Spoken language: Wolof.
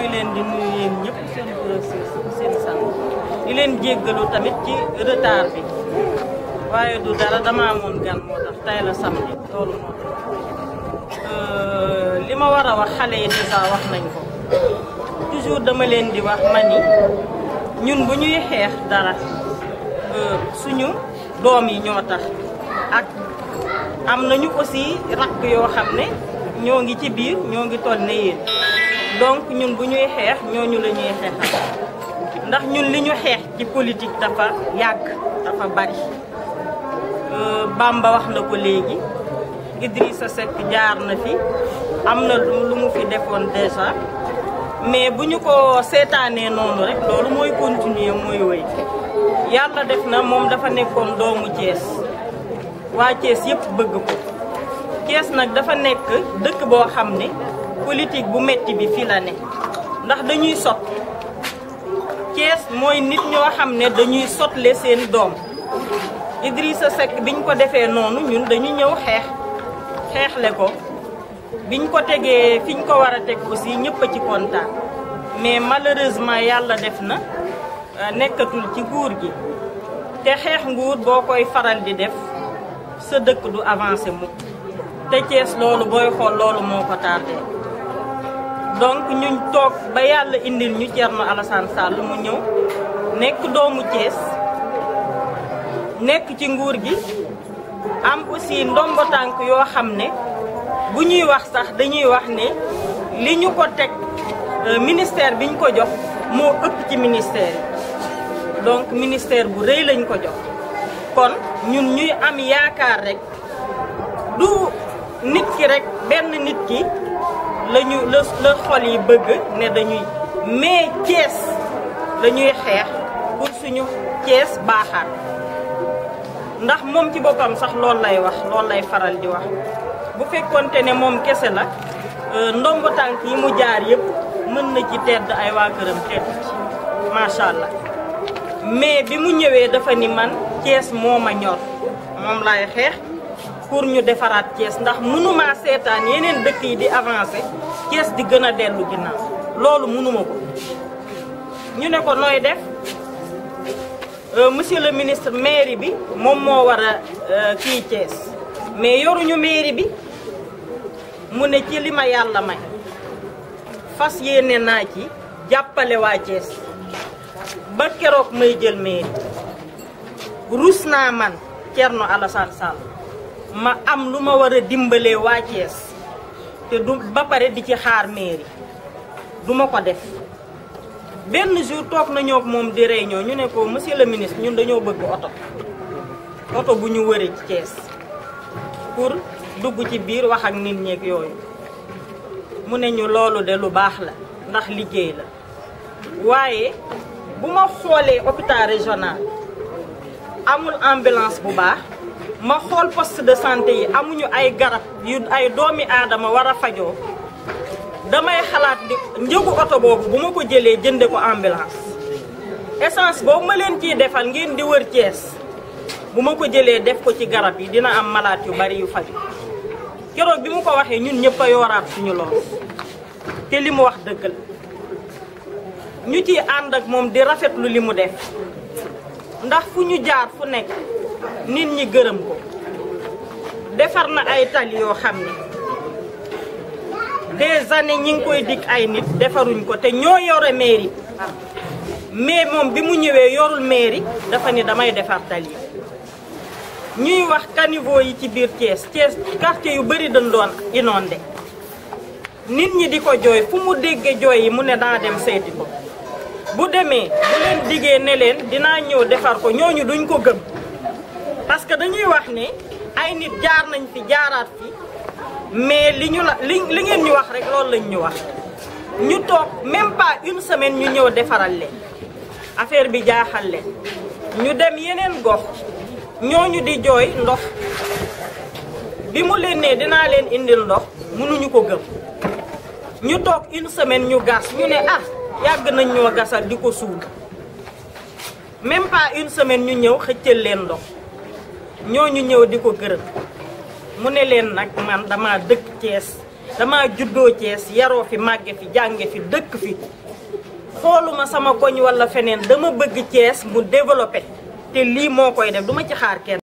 maa ngi leen di nuyu seen seen sant di leen jéggalu tamit ci retard bi waaye du dara dama amoon gan moo tax la samedi loolu moo tax euh, li ma wax xale yi dèjà wax nañ ko toujours dama di wax ñun bu ñuy dara euh, suñu yi ak am aussi rakk ñoo ngi ci biir ñoo ngi toll ne donc ñun bu ñuy xeex ñooñu la ñuy xeexal ndax ñun li ñu xeex ci politique dafa yàgg dafa bari euh, Bamba wax na ko léegi sa Seck jaar na fi am na lu mu fi defoon déjà mais bu ñu ko seetaanee noonu rek loolu mooy continuer mooy wéy yàlla def na moom dafa nekkoon doomu Thiès waa Thiès yëpp bëgg ko Thiès nag dafa nekk dëkk boo xam ne politique bu metti bi fii ndax dañuy sot Thiès mooy nit ñoo xam ne dañuy sotle seen doom Idrissa Seck biñ ko defee noonu ñun dañu ñëw xeex xeexle ko biñ ko tegee fiñ ko war a teg aussi ñëpp a ci kontaan mais malheureusement yàlla def na euh, nekkatul ci nguur gi te xeex nguur boo koy faral di def sa dëkk du avancer mukk te Thiès loolu booy xool loolu moo ko tardé donc ñuñ toog ba yàlla indil ñu Thierno Alassane Sall mu ñëw nekk doomu cees nekk ci nguur gi am aussi ndombo tànk yoo xam ne bu ñuy wax sax dañuy wax ne li ñu ko teg euh, ministère bi ñu ko jox moo ëpp ci ministère yi donc ministère bu rëy lañ ko jox kon ñun ñuy am yaakaar rek du ki rek ben nit ki lañu le xol yi bëgg né dañuy mais ties lañuy xex pour suñu ties baaxaat ndax mom ci bopam sax lool lay wax lool lay faral di wax bu fekkonté né mom kessé la euh, ndombo tank yi mu jaar yépp mën na ci tedd ay waa kërëm tedd ci macha allah mais bi mu ñëwé dafa ni man ties moma ñor mom lay xex pour ñu defaraat Thiès ndax mënumaa seetaan yeneen dëkk yi di avancé Thiès di gën a dellu ginnaaw loolu mënuma ko ñu ne ko nooy def euh, monsieur le ministre mairie bi moom moo war a euh, kii Thiès mais yoruñu mairie bi mu ne ci li ma yàlla may fas yéene naa ci jàppale waa Thiès ba keroog may jël mairie rus naa man Thierno Alassane Sall ma am lu ma war a dimbalee waa Thiès te du ba pare di ci xaar mairie du ma ko def benn jour toog nañoo ak moom di réunion ñu ne ko monsieur le ministre ñun dañoo bëgg oto oto bu ñu wëree ci pour dugg ci biir wax ak nit ñeeg yooyu mu ne ñu loolu de lu baax la ndax liggéey la waaye bu ma xoolee hôpital régional amul ambulance bu baax ma xol poste de santé yi amuñu ay garab yu ay doomi adama wara fajo damay xalaat di njëgu oto boobu bu ko jëlee jënde ko ambulance essence bo ma len ci defal ngeen di wër ties buma ko jëlee def ko ci garab yi dina am malade yu bari yu faju kéro bi mu ko waxé ñun ñëpp a suñu lool té limu wax dëgg ñu ci and ak mom di rafetlu def ndax fu ñu jaar fu nek nit ñi gërëm ko defar na ay tali xam ne des années ñi ngi koy dig ay nit defaruñ ko te ñoo yore mairie mais moom bi mu ñëwee yorul mairie dafa ni damay defar tali ñuy wax caniveau yi ci biir Thiès Thiès quartier yu bëri dañ doon de nit ñi di ko jooy fu mu déggee jooy yi mu ne daa dem seeti ko bu demee bu leen diggee ne leen dinaa ñëw defar ko ñooñu duñ ko gëm parce que dañuy wax ne ay nit jaar nañ fi jaaraat fi mais li ñu la li ngeen ñu wax rek loolu lañ ñu wax ñu toog même pas une semaine ñu ñëw defaral leen affaire bi jaaxal leen ñu dem yeneen gox ñooñu di jooy ndox bi mu leen ne dinaa leen indil ndox mënuñu ko gëm ñu toog une semaine ñu gas ñu ne ah yàgg nañ ñoo gasal di ko suul même pas une semaine ñu ñëw xëccal leen ndox ñoo ñu ñëw di ko gërëm mu ne leen nag man dama dëkk Thiès dama juddoo Thiès yaroo fi màgge fi jànge fi dëkk fi xooluma sama koñ walla feneen dama bëgg cees mu développé te lii moo koy def duma ci xaar kenn